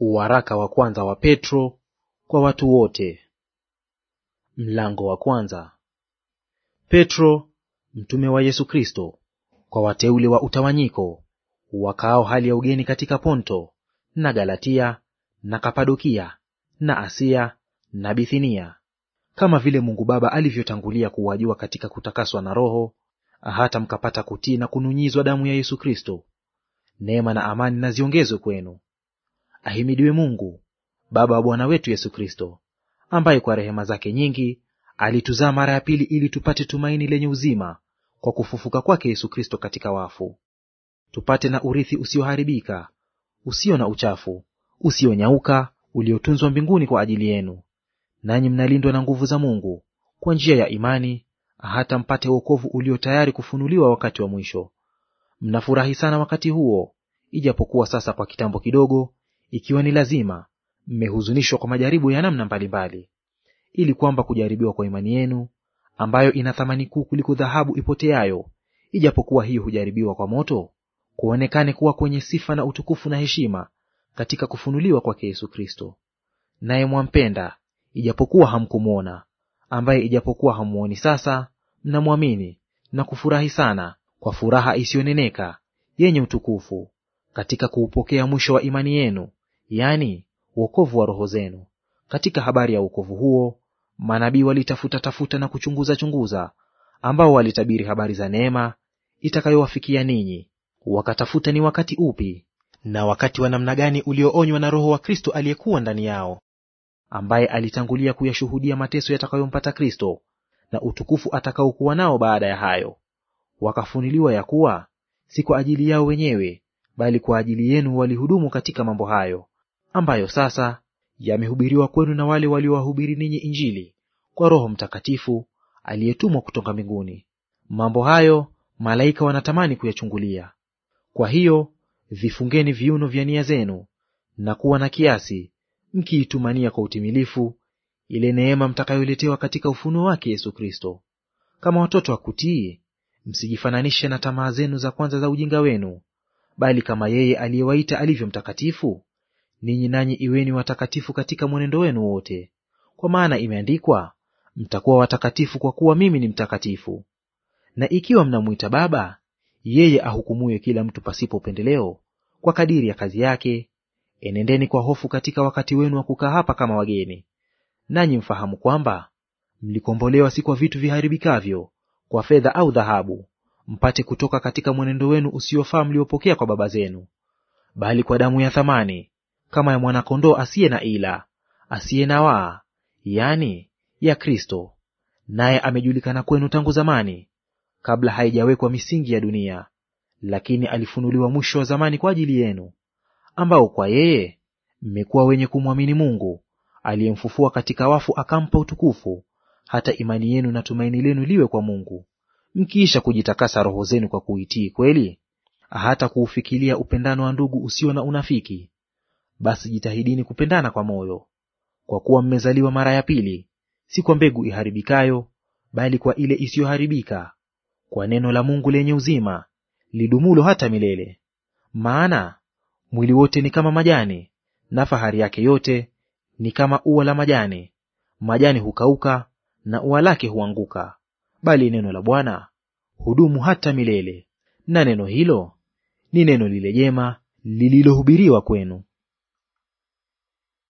Uwaraka wa kwanza wa Petro kwa watu wote. Mlango wa kwanza. Petro mtume wa Yesu Kristo, kwa wateule wa utawanyiko wakaao hali ya ugeni katika Ponto na Galatia na Kapadokia na Asia na Bithinia, kama vile Mungu Baba alivyotangulia kuwajua katika kutakaswa na Roho, hata mkapata kutii na kununyizwa damu ya Yesu Kristo, neema na amani na ziongezwe kwenu. Ahimidiwe Mungu Baba wa Bwana wetu Yesu Kristo, ambaye kwa rehema zake nyingi alituzaa mara ya pili ili tupate tumaini lenye uzima kwa kufufuka kwake Yesu Kristo katika wafu, tupate na urithi usioharibika, usio na uchafu, usionyauka, uliotunzwa mbinguni kwa ajili yenu, nanyi mnalindwa na nguvu za Mungu kwa njia ya imani, hata mpate wokovu ulio tayari kufunuliwa wakati wa mwisho. Mnafurahi sana wakati huo, ijapokuwa sasa kwa kitambo kidogo ikiwa ni lazima, mmehuzunishwa kwa majaribu ya namna mbalimbali, ili kwamba kujaribiwa kwa imani yenu, ambayo ina thamani kuu kuliko dhahabu ipoteayo, ijapokuwa hiyo hujaribiwa kwa moto, kuonekane kuwa kwenye sifa na utukufu na heshima katika kufunuliwa kwake Yesu Kristo. Naye mwampenda, ijapokuwa hamkumwona, ambaye ijapokuwa hamuoni sasa, mnamwamini na kufurahi sana kwa furaha isiyoneneka yenye utukufu, katika kuupokea mwisho wa imani yenu, yani wokovu wa roho zenu. Katika habari ya wokovu huo manabii walitafuta tafuta na kuchunguza chunguza, ambao walitabiri habari za neema itakayowafikia ninyi, wakatafuta ni wakati upi na wakati wa namna gani ulioonywa na Roho wa Kristo aliyekuwa ndani yao, ambaye alitangulia kuyashuhudia mateso yatakayompata Kristo na utukufu atakaokuwa nao baada ya hayo. Wakafunuliwa ya kuwa si kwa ajili yao wenyewe, bali kwa ajili yenu walihudumu katika mambo hayo, ambayo sasa yamehubiriwa kwenu na wale waliowahubiri ninyi Injili kwa Roho Mtakatifu aliyetumwa kutoka mbinguni. Mambo hayo malaika wanatamani kuyachungulia. Kwa hiyo vifungeni viuno vya nia zenu na kuwa na kiasi, mkiitumania kwa utimilifu ile neema mtakayoletewa katika ufunuo wake Yesu Kristo. Kama watoto wa kutii, msijifananishe na tamaa zenu za kwanza za ujinga wenu, bali kama yeye aliyewaita alivyo mtakatifu, ninyi nanyi iweni watakatifu katika mwenendo wenu wote, kwa maana imeandikwa, mtakuwa watakatifu kwa kuwa mimi ni mtakatifu. Na ikiwa mnamwita Baba, yeye ahukumuye kila mtu pasipo upendeleo kwa kadiri ya kazi yake, enendeni kwa hofu katika wakati wenu wa kukaa hapa kama wageni. Nanyi mfahamu kwamba mlikombolewa si kwa vitu viharibikavyo, kwa fedha au dhahabu, mpate kutoka katika mwenendo wenu usiofaa mliopokea kwa baba zenu, bali kwa damu ya thamani kama ya mwanakondoo asiye na ila, asiye na waa, yani ya Kristo. Naye amejulikana kwenu tangu zamani, kabla haijawekwa misingi ya dunia, lakini alifunuliwa mwisho wa zamani kwa ajili yenu, ambao kwa yeye mmekuwa wenye kumwamini Mungu aliyemfufua katika wafu, akampa utukufu, hata imani yenu na tumaini lenu liwe kwa Mungu, mkiisha kujitakasa roho zenu kwa kuitii kweli, hata kuufikilia upendano wa ndugu usio na unafiki, basi jitahidini kupendana kwa moyo, kwa kuwa mmezaliwa mara ya pili, si kwa mbegu iharibikayo, bali kwa ile isiyoharibika, kwa neno la Mungu lenye uzima, lidumulo hata milele. Maana mwili wote ni kama majani, na fahari yake yote ni kama ua la majani. Majani hukauka na ua lake huanguka, bali neno la Bwana hudumu hata milele. Na neno hilo ni neno lile jema lililohubiriwa kwenu.